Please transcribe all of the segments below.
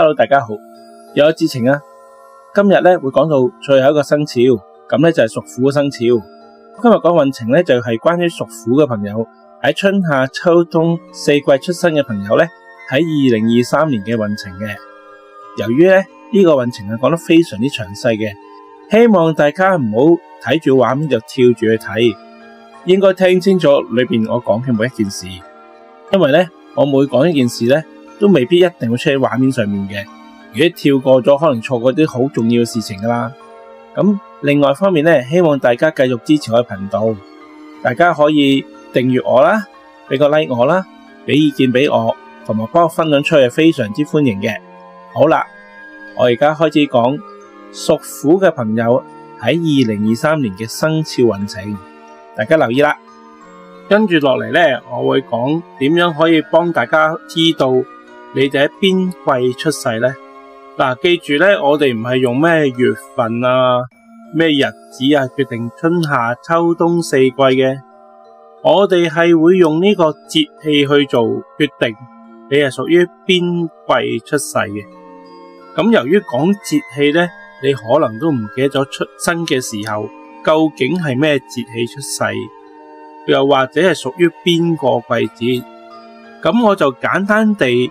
Hello，大家好，又有智澄啊！今日咧會講到最後一個生肖，咁咧就係屬虎嘅生肖。今日講運程咧就係、是、關於屬虎嘅朋友喺春夏秋冬四季出生嘅朋友咧喺二零二三年嘅運程嘅。由於咧呢個運程係講得非常之詳細嘅，希望大家唔好睇住畫面就跳住去睇，應該聽清楚裏邊我講嘅每一件事，因為咧我每講一件事咧。都未必一定會出喺畫面上面嘅，如果跳過咗，可能錯過啲好重要嘅事情㗎喇。咁另外方面呢，希望大家繼續支持我嘅頻道，大家可以訂閱我啦，俾個 like 我啦，俾意見俾我，同埋幫我分享出去，非常之歡迎嘅。好啦，我而家開始講屬虎嘅朋友喺二零二三年嘅生肖運程，大家留意啦。跟住落嚟呢，我會講點樣可以幫大家知道。你哋喺邊季出世咧？嗱、啊，記住咧，我哋唔係用咩月份啊、咩日子啊決定春夏秋冬四季嘅，我哋係會用呢個節氣去做決定。你係屬於邊季出世嘅？咁、嗯、由於講節氣咧，你可能都唔記得咗出生嘅時候究竟係咩節氣出世，又或者係屬於邊個季節？咁、嗯、我就簡單地。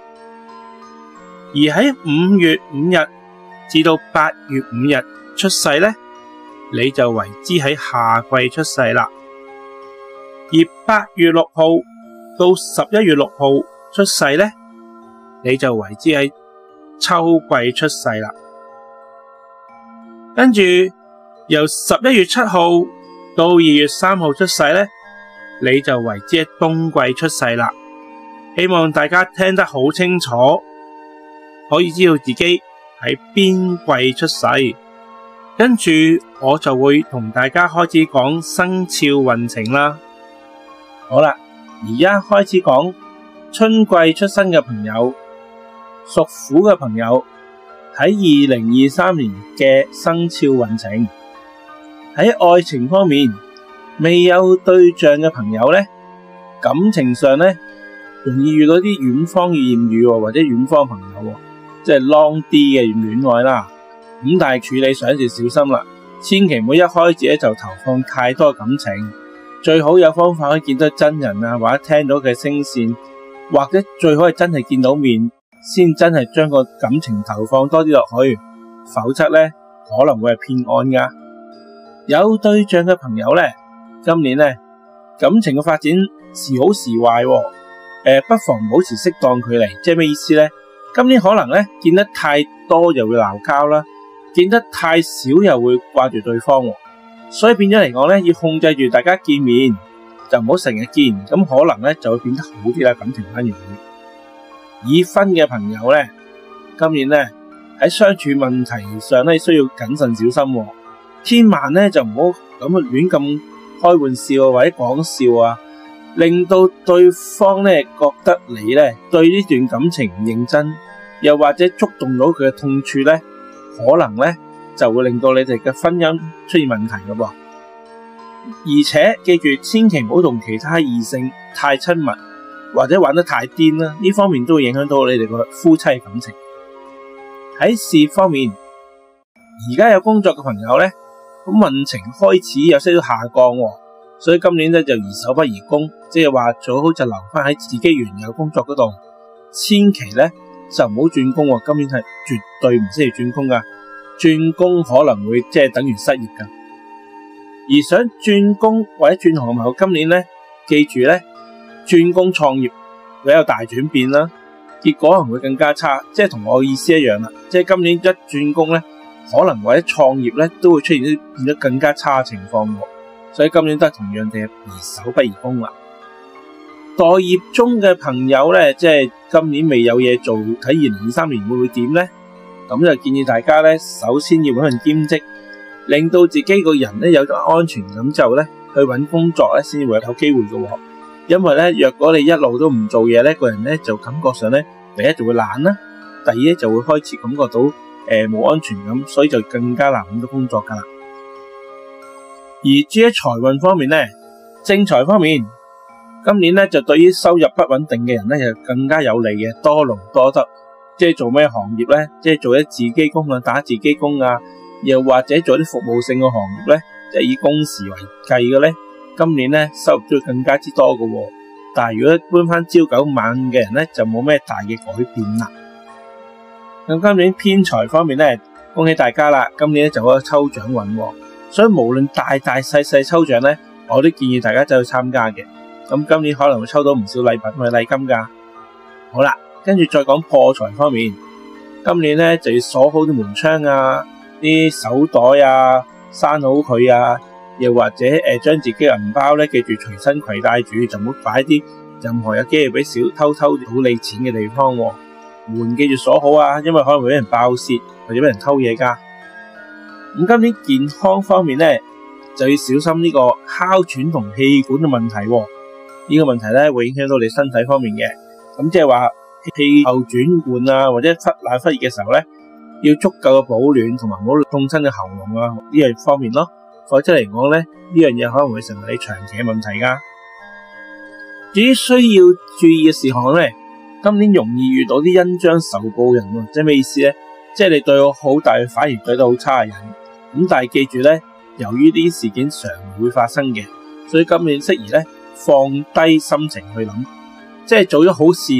而喺五月五日至到八月五日出世咧，你就為之喺夏季出世啦。而八月六號到十一月六號出世咧，你就為之喺秋季出世啦。跟住由十一月七號到二月三號出世咧，你就為之喺冬季出世啦。希望大家聽得好清楚。可以知道自己喺邊季出世，跟住我就會同大家開始講生肖運程啦。好啦，而家開始講春季出生嘅朋友，屬虎嘅朋友喺二零二三年嘅生肖運程。喺愛情方面，未有對象嘅朋友咧，感情上咧，容易遇到啲遠方嘅艷遇或者遠方朋友。即係浪啲嘅戀愛啦，咁但係處理上要小心啦，千祈唔好一開始咧就投放太多感情，最好有方法可以見到真人啊，或者聽到嘅聲線，或者最好係真係見到面，先真係將個感情投放多啲落去，否則咧可能會係騙案噶。有對象嘅朋友咧，今年咧感情嘅發展時好時壞，啊，誒、呃，不妨保持適當距離，即係咩意思咧？今年可能咧見得太多又會鬧交啦，見得太少又會掛住對方，所以變咗嚟講咧，要控制住大家見面，就唔好成日見，咁可能咧就會變得好啲啦感情關係。已婚嘅朋友咧，今年咧喺相處問題上咧需要謹慎小心，千萬咧就唔好咁亂咁開玩笑或者講笑啊。令到對方咧覺得你咧對呢段感情唔認真，又或者觸動到佢嘅痛處咧，可能咧就會令到你哋嘅婚姻出現問題噶噃。而且記住，千祈唔好同其他異性太親密，或者玩得太癲啦，呢方面都會影響到你哋個夫妻感情。喺事業方面，而家有工作嘅朋友咧，咁運程開始有少少下降，所以今年咧就宜守不宜攻。即係話最好就留翻喺自己原有工作嗰度，千祈咧就唔好轉工、哦。今年係絕對唔適宜轉工噶，轉工可能會即係等於失業噶。而想轉工或者轉行後，今年咧記住咧，轉工創業會有大轉變啦。結果可能會更加差，即係同我意思一樣啦。即係今年一轉工咧，可能或者創業咧，都會出現啲變得更加差嘅情況、哦。所以今年都係同樣地，宜守不宜攻啦。待業中嘅朋友咧，即係今年未有嘢做，睇完二零二三年會會點咧？咁就建議大家咧，首先要搵份兼職，令到自己個人咧有咗安全感之後呢。之就咧去搵工作咧先會有機會嘅。因為咧，若果你一路都唔做嘢咧，個人咧就感覺上咧，第一就會懶啦，第二咧就會開始感覺到誒冇、呃、安全感，所以就更加難搵到工作噶啦。而至於財運方面咧，正財方面。今年咧就對於收入不穩定嘅人咧就更加有利嘅，多勞多得。即係做咩行業咧，即係做啲自己工啊，打自己工啊，又或者做啲服務性嘅行業咧，就以工時為計嘅咧，今年咧收入都會更加之多嘅。但係如果一般返朝九晚五嘅人咧，就冇咩大嘅改變啦。咁今年偏財方面咧，恭喜大家啦！今年咧就個抽獎運，所以無論大大細細抽獎咧，我都建議大家就去參加嘅。咁今年可能會抽到唔少禮品同埋禮金噶。好啦，跟住再講破財方面，今年咧就要鎖好啲門窗啊，啲手袋啊，閂好佢啊，又或者誒，將自己銀包咧，記住隨身携帶住，就唔好擺啲任何有機會俾小偷偷到你錢嘅地方。門記住鎖好啊，因為可能會俾人爆竊或者俾人偷嘢噶。咁今年健康方面咧，就要小心呢個哮喘同氣管嘅問題喎。呢個問題呢，會影響到你身體方面嘅。咁即係話氣候轉換啊，或者忽冷忽熱嘅時候呢，要足夠嘅保暖，同埋唔好凍親嘅喉嚨啊。呢樣方面咯，否則嚟講呢，呢樣嘢可能會成為你長期嘅問題㗎。至於需要注意嘅事項呢，今年容易遇到啲恩將仇報嘅人喎，即係咩意思呢？即係你對我好，但係反而對得好差嘅人。咁但係記住呢，由於啲事件常會發生嘅，所以今年適宜呢。放低心情去諗，即係做咗好事，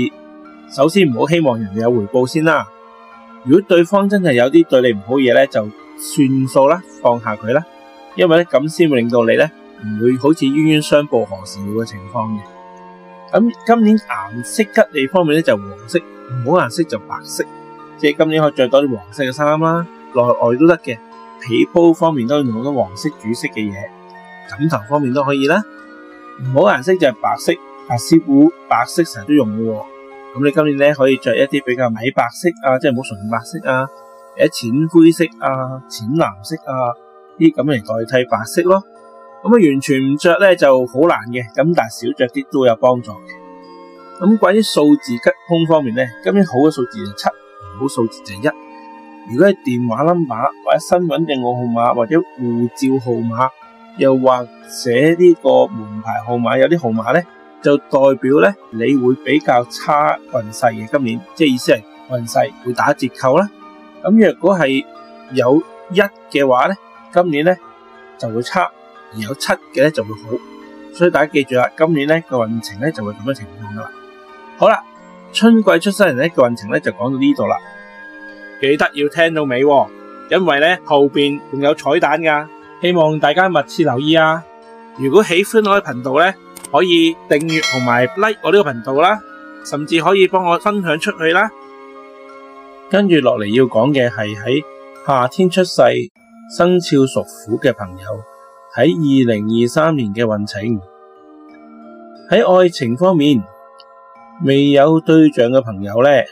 首先唔好希望人哋有回報先啦。如果對方真係有啲對你唔好嘢咧，就算數啦，放下佢啦，因為咧咁先會令到你咧唔會好似冤冤相報何時了嘅情況嘅。咁今年顏色吉利方面咧就黃色，唔好顏色就白色。即係今年可以着多啲黃色嘅衫啦，內外都得嘅。被鋪方面都可以用好多黃色主色嘅嘢，枕頭方面都可以啦。唔好顏色就係白色，阿師傅白色成日都用嘅、哦，咁你今年咧可以着一啲比較米白色啊，即係唔好純白色啊，或者淺灰色啊、淺藍色啊，啲咁嚟代替白色咯。咁啊，完全唔着咧就好難嘅，咁但係少着啲都有幫助嘅。咁關於數字吉凶方面咧，今年好嘅數字就七，唔好數字就一。如果係電話號碼或者身份證號號碼或者護照號碼。又或者呢個門牌號碼，有啲號碼咧就代表咧你會比較差運勢嘅，今年即係意思係運勢會打折扣啦。咁若果係有一嘅話咧，今年咧就會差；而有七嘅咧就會好。所以大家記住啦，今年咧個運程咧就會咁樣情況噶啦。好啦，春季出生人咧嘅運程咧就講到呢度啦，記得要聽到尾，因為咧後邊仲有彩蛋噶。希望大家密切留意啊！如果喜歡我嘅頻道呢，可以訂閱同埋 like 我呢個頻道啦，甚至可以幫我分享出去啦。跟住落嚟要講嘅係喺夏天出世，生肖屬虎嘅朋友喺二零二三年嘅運程。喺愛情方面，未有對象嘅朋友呢，誒、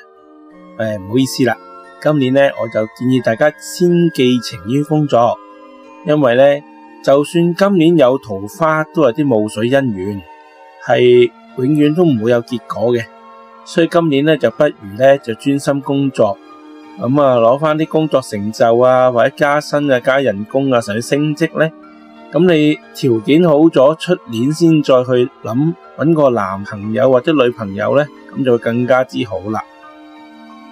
呃、唔好意思啦，今年呢，我就建議大家先寄情於工作。因為咧，就算今年有桃花，都係啲霧水姻緣，係永遠都唔會有結果嘅。所以今年咧，就不如咧就專心工作，咁啊攞翻啲工作成就啊，或者加薪啊、加人工啊，甚至升職咧。咁你條件好咗，出年先再去諗搵個男朋友或者女朋友咧，咁就會更加之好啦。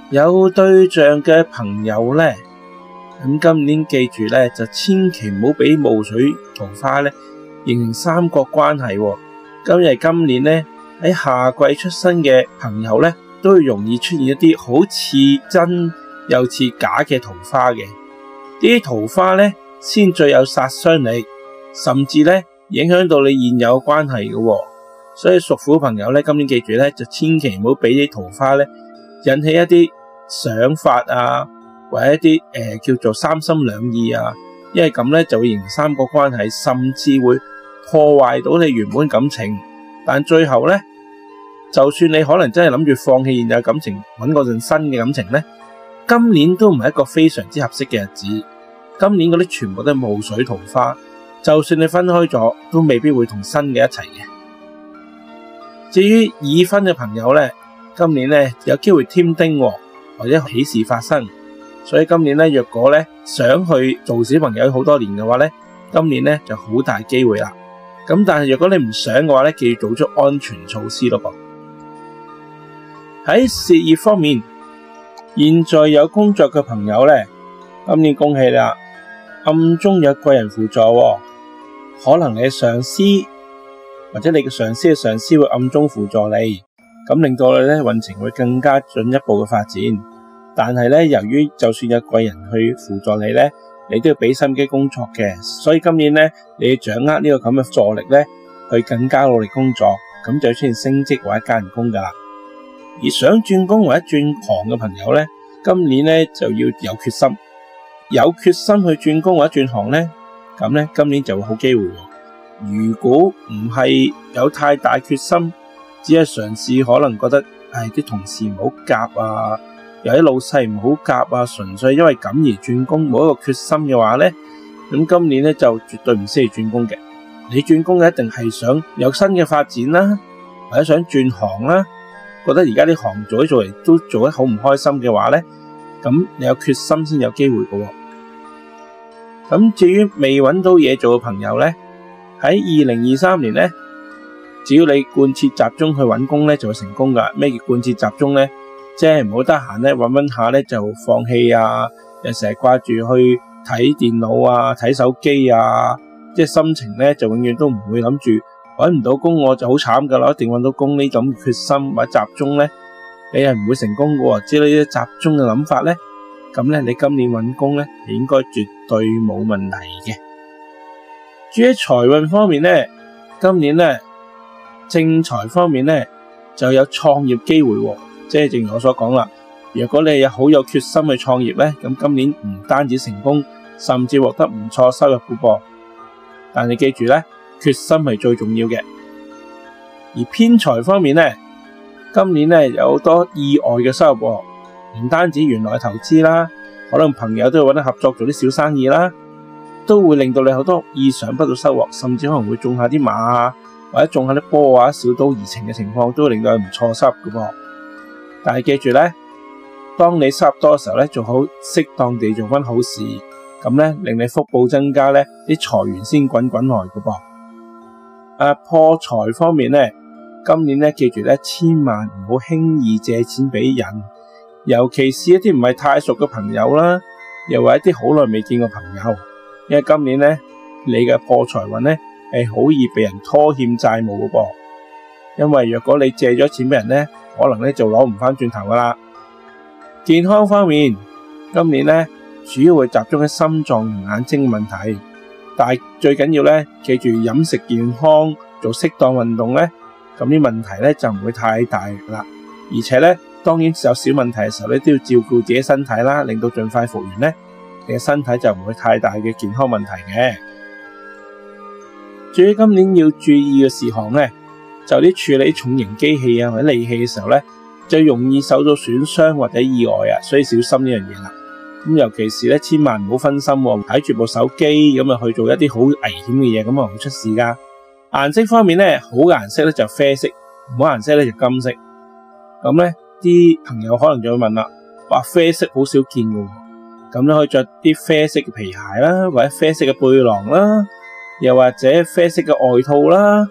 有對象嘅朋友咧。咁今年記住咧，就千祈唔好畀霧水桃花咧形成三角關係、哦。今日今年咧喺夏季出生嘅朋友咧，都會容易出現一啲好似真又似假嘅桃花嘅。呢啲桃花咧，先最有殺傷力，甚至咧影響到你現有嘅關係嘅、哦。所以屬虎朋友咧，今年記住咧，就千祈唔好俾啲桃花咧引起一啲想法啊！或者一啲誒、呃、叫做三心兩意啊，因為咁咧就會形成三個關係，甚至會破壞到你原本感情。但最後咧，就算你可能真係諗住放棄現有感情，揾嗰陣新嘅感情咧，今年都唔係一個非常之合適嘅日子。今年嗰啲全部都係霧水桃花，就算你分開咗，都未必會同新嘅一齊嘅。至於已婚嘅朋友咧，今年咧有機會添丁、哦，或者喜事發生。所以今年咧，若果咧想去做小朋友好多年嘅話咧，今年咧就好大機會啦。咁但係如果你唔想嘅話咧，記住做足安全措施咯噃。喺事業方面，現在有工作嘅朋友咧，今年恭喜你啦，暗中有貴人輔助，可能你嘅上司或者你嘅上司嘅上司會暗中輔助你，咁令到你咧運程會更加進一步嘅發展。但係咧，由於就算有貴人去輔助你咧，你都要俾心機工作嘅。所以今年咧，你要掌握呢個咁嘅助力咧，去更加努力工作，咁就出現升職或者加人工噶啦。而想轉工或者轉行嘅朋友咧，今年咧就要有決心，有決心去轉工或者轉行咧，咁咧今年就會好機會。如果唔係有太大決心，只係嘗試，可能覺得誒、哎、啲同事唔好夾啊。如果老細唔好夾啊，純粹因為咁而轉工，冇一個決心嘅話咧，咁今年咧就絕對唔需要轉工嘅。你轉工一定係想有新嘅發展啦，或者想轉行啦，覺得而家啲行做起做嚟都做得好唔開心嘅話咧，咁你有決心先有機會噶。咁至於未揾到嘢做嘅朋友咧，喺二零二三年咧，只要你貫徹集中去揾工咧，就會成功噶。咩叫貫徹集中咧？即係唔好得閒咧，搵搵下咧就放棄啊！又成日掛住去睇電腦啊、睇手機啊，即係心情咧就永遠都唔會諗住搵唔到工我就好慘噶啦！一定搵到工呢種決心或者集中咧，你係唔會成功嘅喎。即係呢啲集中嘅諗法咧，咁咧你今年搵工咧係應該絕對冇問題嘅。至於財運方面咧，今年咧正財方面咧就有創業機會喎。即係正如我所講啦，如果你有好有決心去創業呢，咁今年唔單止成功，甚至獲得唔錯收入嘅噃。但係記住呢，決心係最重要嘅。而偏財方面呢，今年呢有好多意外嘅收入噃，唔單止原來投資啦，可能朋友都要揾你合作做啲小生意啦，都會令到你好多意想不到收穫，甚至可能會中下啲馬啊，或者中下啲波啊，小賭怡情嘅情況，都會令到你唔錯收入嘅噃。但係記住咧，當你收入多嘅時候咧，做好適當地做翻好事，咁咧令你福報增加咧，啲財源先滾滾來噶噃。啊，破財方面咧，今年咧記住咧，千萬唔好輕易借錢俾人，尤其是一啲唔係太熟嘅朋友啦，又或者一啲好耐未見過朋友，因為今年咧你嘅破財運咧係好易被人拖欠債務噶噃，因為若果你借咗錢俾人咧。可能咧就攞唔翻轉頭噶啦。健康方面，今年咧主要會集中喺心臟同眼睛嘅問題，但係最緊要咧記住飲食健康，做適當運動咧，咁啲問題咧就唔會太大啦。而且咧，當然有小問題嘅時候咧，都要照顧自己身體啦，令到盡快復原咧，你嘅身體就唔會太大嘅健康問題嘅。至於今年要注意嘅事項咧。就啲處理重型機器啊或者利器嘅時候咧，最容易受到損傷或者意外啊，所以小心呢樣嘢啦。咁尤其是咧，千萬唔好分心睇住部手機咁啊去做一啲好危險嘅嘢，咁啊會出事噶。顏色方面咧，好顏色咧就啡色，唔好顏色咧就金色。咁咧啲朋友可能就會問啦，話啡色好少見嘅喎，咁你可以著啲啡色嘅皮鞋啦，或者啡色嘅背囊啦，又或者啡色嘅外套啦。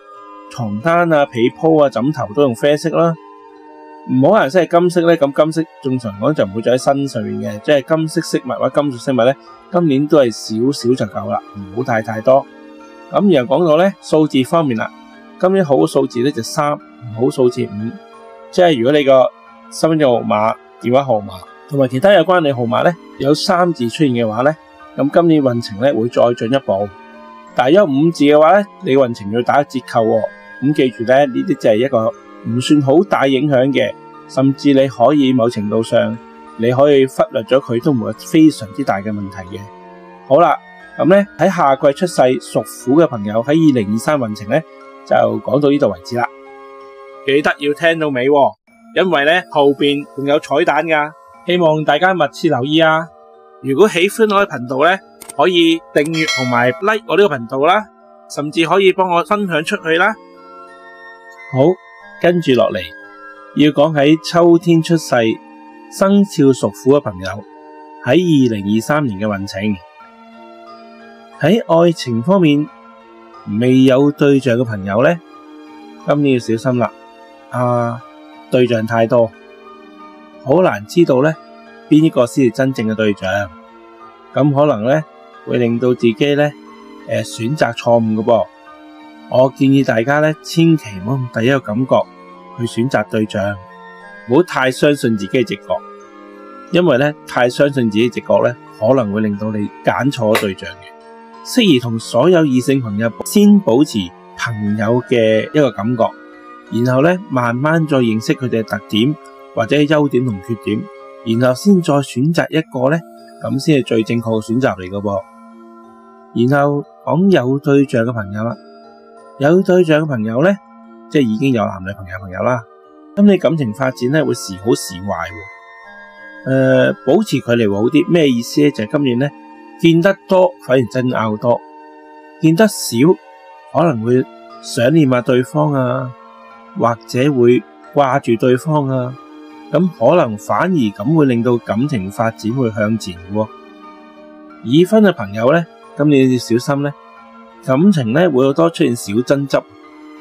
床單啊、被鋪啊、枕頭都用啡色啦，唔好顏色係金色咧。咁金色，金色正常嚟講就唔會着喺身上面嘅，即係金色飾物或金屬飾物咧。今年都係少少就夠啦，唔好帶太多。咁然後講到咧數字方面啦，今年好嘅數字咧就三，唔好數字五。即係如果你個身份證號碼、電話號碼同埋其他有關你號碼咧有三字出現嘅話咧，咁今年運程咧會再進一步。大約五字嘅話呢你運程要打折扣、哦，咁、嗯、記住咧，呢啲就係一個唔算好大影響嘅，甚至你可以某程度上，你可以忽略咗佢都冇非常之大嘅問題嘅。好啦，咁咧喺夏季出世屬虎嘅朋友喺二零二三運程呢，就講到呢度為止啦，記得要聽到尾、哦，因為呢後邊仲有彩蛋噶，希望大家密切留意啊！如果喜歡我嘅頻道呢。可以訂閱同埋 like 我呢個頻道啦，甚至可以幫我分享出去啦。好，跟住落嚟要講起秋天出世生肖屬虎嘅朋友，喺二零二三年嘅運程。喺愛情方面，未有對象嘅朋友咧，今年要小心啦。啊，對象太多，好難知道咧邊一個先係真正嘅對象，咁可能咧。會令到自己咧誒、呃、選擇錯誤嘅噃。我建議大家咧，千祈唔好用第一個感覺去選擇對象，唔好太相信自己嘅直覺，因為咧太相信自己直覺咧，可能會令到你揀錯對象嘅。適宜同所有異性朋友先保持朋友嘅一個感覺，然後咧慢慢再認識佢哋嘅特點或者優點同缺點，然後先再選擇一個咧，咁先係最正確嘅選擇嚟嘅噃。然後講有對象嘅朋友啦，有對象嘅朋友咧，即係已經有男女朋友朋友啦。咁你感情發展咧會時好時壞，誒、呃，保持距離會好啲。咩意思咧？就係、是、今年咧見得多反而爭拗多，見得少可能會想念下對方啊，或者會掛住對方啊。咁可能反而咁會令到感情發展會向前嘅。已婚嘅朋友咧，咁你要小心呢，感情呢會有多出現小爭執，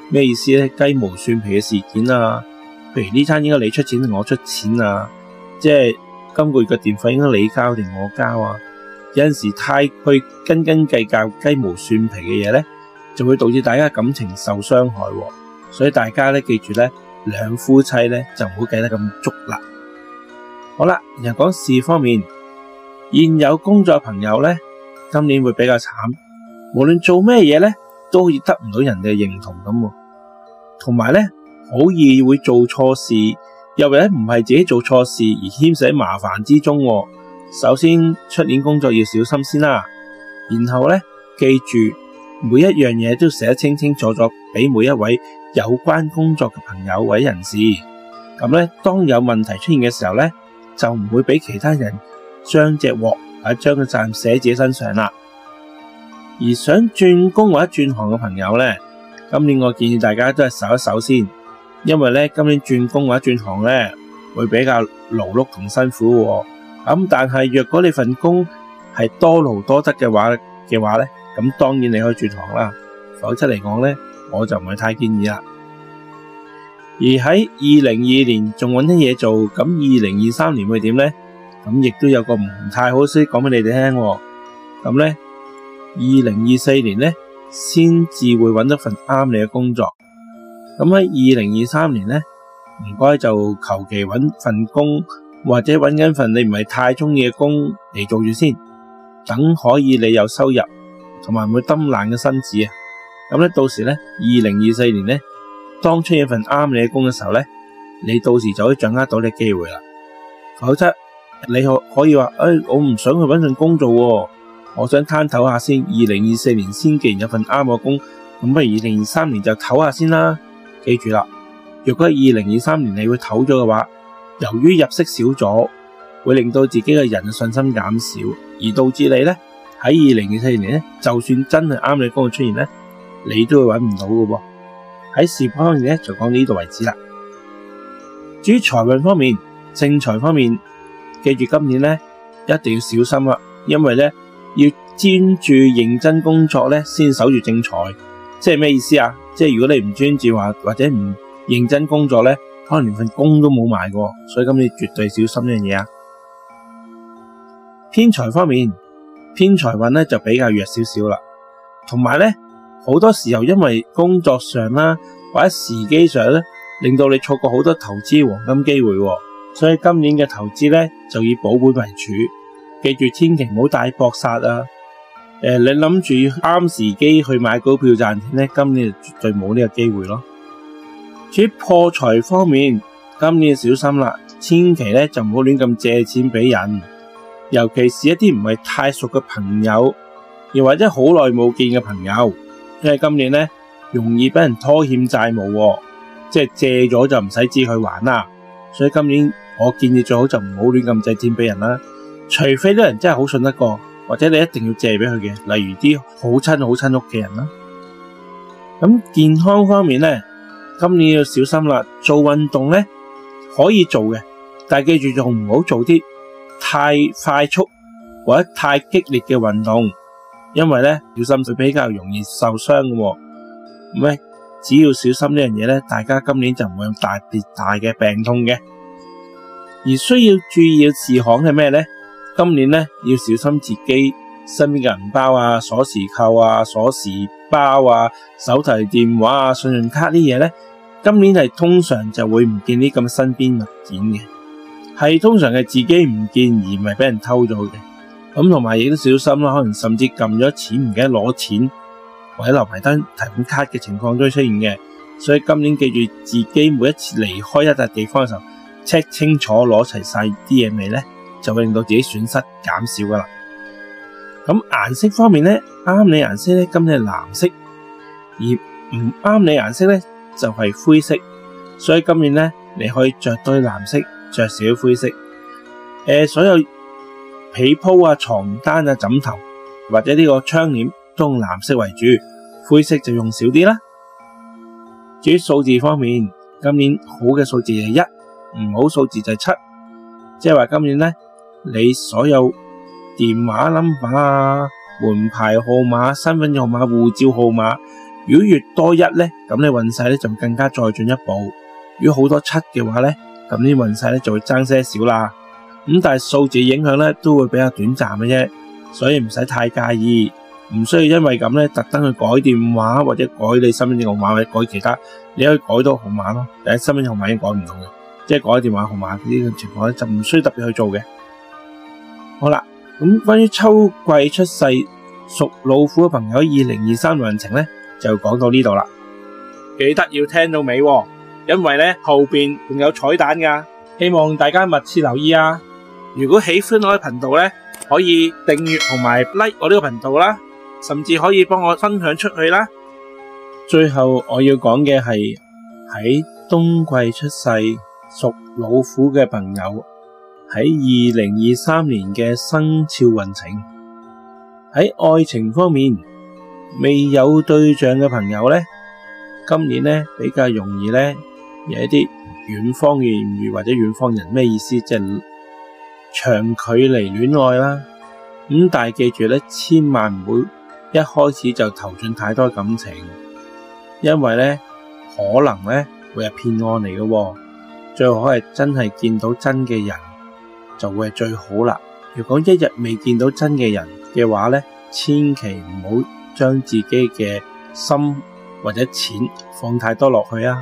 咩意思呢？雞毛蒜皮嘅事件啊，譬如呢餐應該你出錢定我出錢啊，即係今個月嘅電費應該你交定我交啊，有陣時太去斤斤計較雞毛蒜皮嘅嘢呢，就會導致大家感情受傷害，所以大家呢記住呢，兩夫妻呢就唔好計得咁足啦。好啦，又講事業方面，現有工作朋友呢。今年會比較慘，無論做咩嘢呢，都好似得唔到人哋認同咁。同埋呢，好易會做錯事，又或者唔係自己做錯事而牽涉麻煩之中。首先出年工作要小心先啦，然後呢，記住每一樣嘢都寫得清清楚楚俾每一位有關工作嘅朋友或人士。咁、嗯、呢，當有問題出現嘅時候呢，就唔會俾其他人將隻鑊。係將個責任寫自己身上啦。而想轉工或者轉行嘅朋友呢，今年我建議大家都係守一守先，因為呢，今年轉工或者轉行呢，會比較勞碌同辛苦，哦。咁、嗯、但係若果你份工係多勞多得嘅話嘅話呢，咁當然你可以轉行啦。否則嚟講呢，我就唔係太建議啦。而喺二零二二年仲揾啲嘢做，咁二零二三年會點呢？咁亦都有個唔太好嘅事講俾你哋聽，咁咧，二零二四年咧先至會揾到份啱你嘅工作。咁喺二零二三年咧，唔該就求其揾份工，或者揾緊份你唔係太中意嘅工嚟做住先，等可以你有收入同埋唔會冧爛嘅身子啊。咁咧到時咧，二零二四年咧當出現一份啱你嘅工嘅時候咧，你到時就可以掌握到呢個機會啦。否則。你可以話，哎，我唔想去搵份工做，啊，我想攤唞下先。二零二四年先既然有份啱嘅工，咁不如二零二三年就唞下先啦。記住啦，若果二零二三年你去唞咗嘅話，由於入息少咗，會令到自己嘅人嘅信心減少，而導致你咧喺二零二四年咧，就算真係啱嘅工作出現咧，你都會搵唔到嘅。喺事業方面咧，就講到呢度為止啦。至於財運方面、正財方面。記住今年咧，一定要小心啦、啊，因為咧要專注認真工作咧，先守住正財。即係咩意思啊？即係如果你唔專注話，或者唔認真工作咧，可能連份工都冇埋嘅。所以今年絕對小心呢樣嘢啊！偏財方面，偏財運咧就比較弱少少啦。同埋咧，好多時候因為工作上啦、啊，或者時機上咧，令到你錯過好多投資黃金機會、啊。所以今年嘅投資呢，就以保本為主，記住千祈唔好大搏殺啊！呃、你諗住啱時機去買股票賺錢呢，今年就絕對冇呢個機會咯。至於破財方面，今年要小心啦、啊，千祈呢就唔好亂咁借錢俾人，尤其是一啲唔係太熟嘅朋友，又或者好耐冇見嘅朋友，因為今年呢，容易俾人拖欠債務、啊，即係借咗就唔使借去還啦、啊。所以今年。我建議最好就唔好亂咁借錢俾人啦，除非啲人真係好信得過，或者你一定要借俾佢嘅，例如啲好親好親屋企人啦。咁健康方面咧，今年要小心啦。做運動咧可以做嘅，但係記住仲唔好做啲太快速或者太激烈嘅運動，因為咧小心佢比較容易受傷噶。喂，只要小心呢樣嘢咧，大家今年就唔會有大跌大嘅病痛嘅。而需要注意事項係咩呢？今年呢，要小心自己身邊嘅銀包啊、鎖匙扣啊、鎖匙包啊、手提電話啊、信用卡啲嘢咧。今年係通常就會唔見啲咁身邊物件嘅，係通常係自己唔見而唔係俾人偷咗嘅。咁同埋亦都小心啦，可能甚至撳咗錢唔記得攞錢，或者留埋單提款卡嘅情況都會出現嘅。所以今年記住自己每一次離開一個地方嘅時候 check 清楚攞齊晒啲嘢未咧，就會令到自己損失減少噶啦。咁顏色方面咧，啱你顏色咧今年係藍色，而唔啱你顏色咧就係灰色。所以今年咧你可以着多藍色，着少灰色。誒、呃，所有被鋪啊、床單啊、枕頭或者呢個窗簾都用藍色為主，灰色就用少啲啦。至於數字方面，今年好嘅數字係一。唔好數字就係七，即係話今年咧，你所有電話 number 啊、門牌號碼、身份證號碼、護照號碼，如果越多一咧，咁你運勢咧就更加再進一步。如果好多七嘅話咧，咁啲運勢咧就會爭些少啦。咁但係數字影響咧都會比較短暫嘅啫，所以唔使太介意，唔需要因為咁咧特登去改電話或者改你身份證號碼或者改其他，你可以改到號碼咯。但係身份證號碼已經改唔到嘅。即係改電話號碼呢啲咁嘅情況咧，就唔需要特別去做嘅。好啦，咁關於秋季出世屬老虎嘅朋友，二零二三運程咧就講到呢度啦。記得要聽到尾喎，因為咧後邊仲有彩蛋噶，希望大家密切留意啊！如果喜歡我嘅頻道咧，可以訂閱同埋 like 我呢個頻道啦，甚至可以幫我分享出去啦。最後我要講嘅係喺冬季出世，屬老虎嘅朋友喺二零二三年嘅生肖運程喺愛情方面未有對象嘅朋友咧，今年咧比較容易咧有一啲遠方嘅艷遇或者遠方人咩意思，即係長距離戀愛啦。咁但係記住咧，千萬唔好一開始就投進太多感情，因為咧可能咧會係騙案嚟嘅喎。最好係真係見到真嘅人，就會係最好啦。如果一日未見到真嘅人嘅話呢，千祈唔好將自己嘅心或者錢放太多落去啊！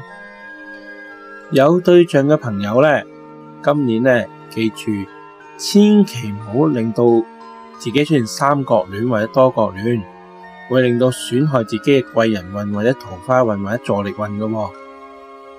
有對象嘅朋友呢，今年呢，記住，千祈唔好令到自己出現三角戀或者多角戀，會令到損害自己嘅貴人運或者桃花運或者助力運㗎、哦。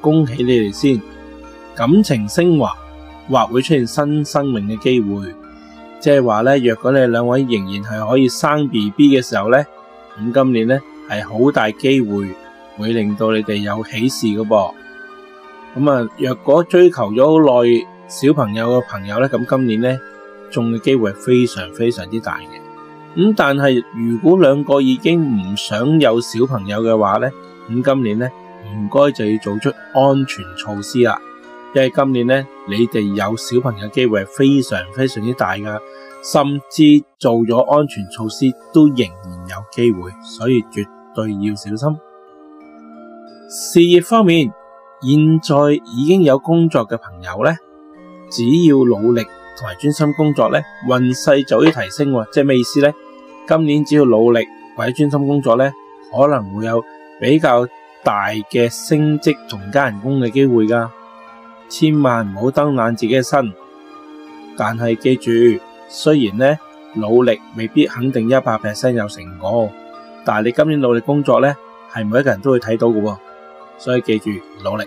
恭喜你哋先，感情升華或會出現新生命嘅機會，即係話咧，若果你哋兩位仍然係可以生 BB 嘅時候咧，咁今年咧係好大機會會令到你哋有喜事嘅噃。咁啊，若果追求咗好耐小朋友嘅朋友咧，咁今年咧中嘅機會係非常非常之大嘅。咁但係如果兩個已經唔想有小朋友嘅話咧，咁今年咧。唔該就要做出安全措施啦。因為今年呢，你哋有小朋友嘅機會係非常非常之大噶，甚至做咗安全措施都仍然有機會，所以絕對要小心。事業方面，現在已經有工作嘅朋友呢，只要努力同埋專心工作呢，運勢就會提升。即係咩意思呢？今年只要努力或者專心工作呢，可能會有比較。大嘅升職同加人工嘅機會㗎，千萬唔好瞪爛自己嘅身。但係記住，雖然咧努力未必肯定一百 percent 有成果，但係你今年努力工作咧，係每一個人都會睇到嘅。所以記住努力。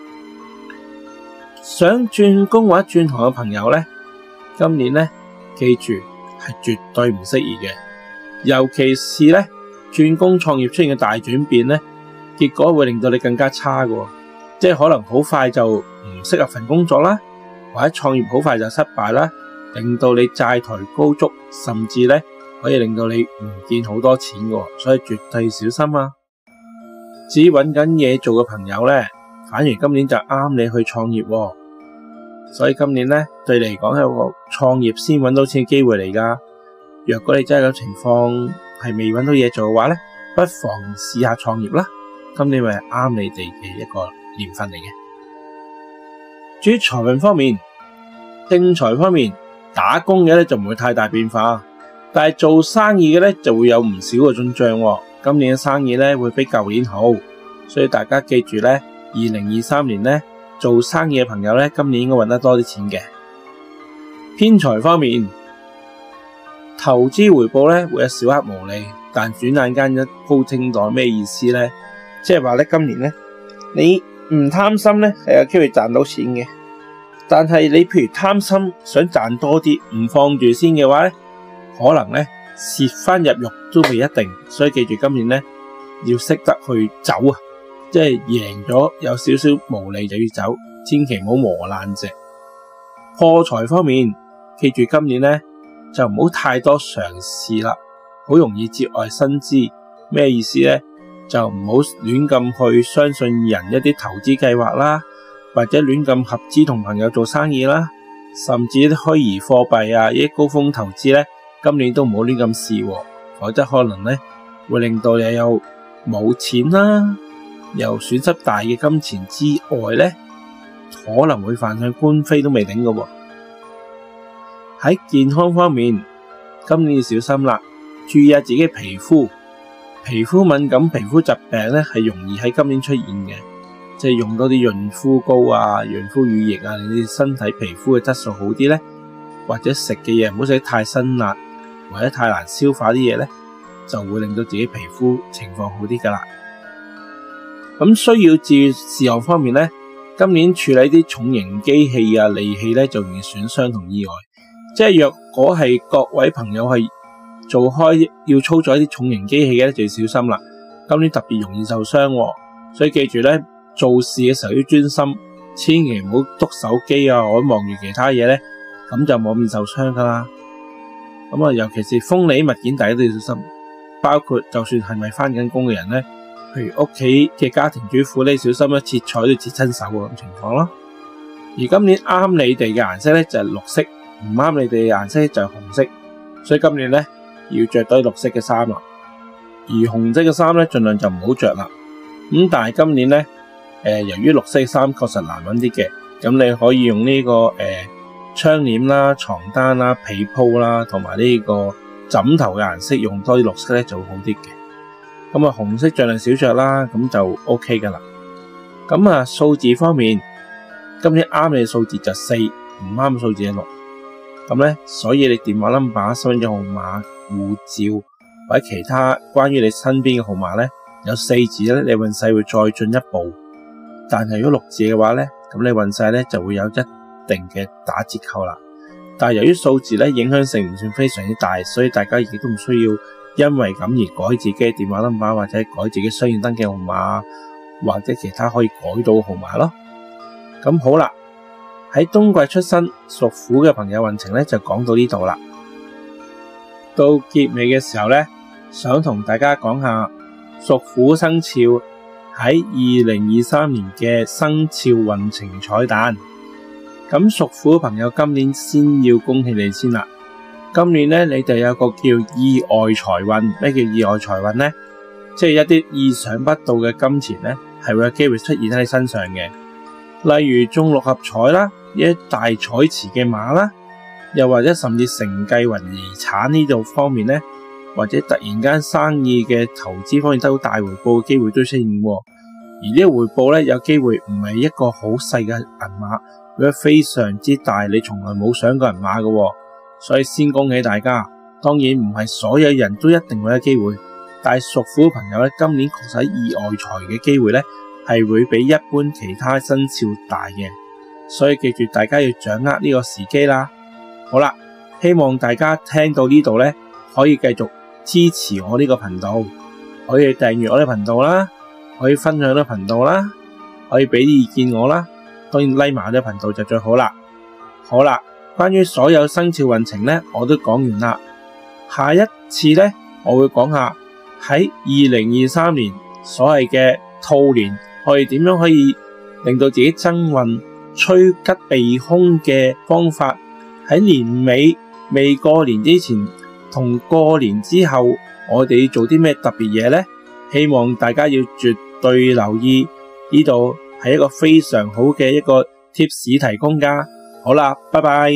想轉工或者轉行嘅朋友咧，今年咧記住係絕對唔適宜嘅，尤其是咧轉工創業出現嘅大轉變咧。結果會令到你更加差嘅，即係可能好快就唔適合份工作啦，或者創業好快就失敗啦，令到你債台高築，甚至咧可以令到你唔見好多錢嘅，所以絕對小心啊。至於搵緊嘢做嘅朋友咧，反而今年就啱你去創業，所以今年咧對你嚟講係個創業先搵到錢嘅機會嚟噶。若果你真係有情況係未搵到嘢做嘅話咧，不妨試下創業啦。今年咪啱你哋嘅一個年份嚟嘅。至於財運方面、正財方面打工嘅，咧就唔會太大變化，但係做生意嘅，咧就會有唔少嘅進賬。今年嘅生意咧會比舊年好，所以大家記住咧，二零二三年咧做生意嘅朋友咧今年應該揾得多啲錢嘅。偏財方面，投資回報咧會有小額毛利，但轉眼間一鋪清袋，咩意思咧？即係話咧，今年咧，你唔貪心咧，係有機會賺到錢嘅。但係你譬如貪心想賺多啲，唔放住先嘅話咧，可能咧蝕翻入肉都未一定。所以記住今年咧，要識得去走啊！即係贏咗有少少毛利就要走，千祈唔好磨爛只。破財方面，記住今年咧就唔好太多嘗試啦，好容易節外生枝。咩意思咧？就唔好亂咁去相信人一啲投資計劃啦，或者亂咁合資同朋友做生意啦，甚至虛擬貨幣啊，一啲高峰投資呢。今年都唔好亂咁試，否則可能呢會令到你又冇錢啦，又損失大嘅金錢之外呢，可能會犯上官非都未定㗎喎。喺健康方面，今年要小心啦，注意下自己皮膚。皮膚敏感、皮膚疾病咧係容易喺今年出現嘅，即係用多啲潤膚膏啊、潤膚乳液啊，令啲身體皮膚嘅質素好啲咧，或者食嘅嘢唔好食得太辛辣或者太難消化啲嘢咧，就會令到自己皮膚情況好啲噶啦。咁需要注意事項方面咧，今年處理啲重型機器啊、利器咧就容易損傷同意外，即係若果係各位朋友係。做開要操作一啲重型機器嘅，就要小心啦。今年特別容易受傷，哦，所以記住呢，做事嘅時候要專心，千祈唔好篤手機啊，或者望住其他嘢咧，咁就冇咁受傷噶啦。咁、嗯、啊，尤其是鋒利物件，大家都要小心。包括就算係咪翻緊工嘅人呢。譬如屋企嘅家庭主婦呢，小心一切菜都切親手嘅咁情況咯。而今年啱你哋嘅顏色咧就係、是、綠色，唔啱你哋嘅顏色就係紅色，所以今年呢。要著低綠色嘅衫啦，而紅色嘅衫咧，盡量就唔好著啦。咁但係今年咧、呃，由於綠色嘅衫確實難搵啲嘅，咁你可以用呢、這個、呃、窗簾啦、床單啦、被鋪啦，同埋呢個枕頭嘅顏色用多啲綠色咧，就會好啲嘅。咁啊，紅色盡量少著啦，咁就 OK 噶啦。咁、嗯、啊，數字方面，今年啱你嘅數字就四，唔啱嘅數字係六。咁、嗯、咧，所以你電話 number、身份證號碼。護照或者其他關於你身邊嘅號碼呢，有四字呢，你運勢會再進一步；但係如果六字嘅話呢，咁你運勢呢就會有一定嘅打折扣啦。但係由於數字呢影響性唔算非常之大，所以大家亦都唔需要因為咁而改自己嘅電話號碼或者改自己商業登記號碼或者其他可以改到嘅號碼咯。咁好啦，喺冬季出生屬虎嘅朋友運程呢，就講到呢度啦。到結尾嘅時候呢，想同大家講下屬虎生肖喺二零二三年嘅生肖運程彩蛋。咁屬虎朋友今年先要恭喜你先啦。今年呢，你哋有個叫意外財運。咩叫意外財運呢？即係一啲意想不到嘅金錢呢，係會有機會出現喺你身上嘅。例如中六合彩啦，一大彩池嘅馬啦。又或者甚至承繼遺產呢度方面呢，或者突然間生意嘅投資方面得到大回報嘅機會都出現，而呢個回報呢，有機會唔係一個好細嘅銀碼，佢非常之大，你從來冇想過銀碼嘅，所以先恭喜大家。當然唔係所有人都一定會有機會，但係屬虎嘅朋友呢，今年確實意外財嘅機會呢，係會比一般其他生肖大嘅，所以記住大家要掌握呢個時機啦。好啦，希望大家聽到呢度呢，可以繼續支持我呢個頻道，可以訂閱我呢個頻道啦，可以分享呢個頻道啦，可以俾啲意見我啦，當然拉埋我呢個頻道就最好啦。好啦，關於所有生肖運程呢，我都講完啦。下一次呢，我會講下喺二零二三年所謂嘅兔年可以點樣可以令到自己增運、催吉避凶嘅方法。喺年尾未過年之前同過年之後，我哋要做啲咩特別嘢呢？希望大家要絕對留意，呢度係一個非常好嘅一個貼士提供㗎。好啦，拜拜。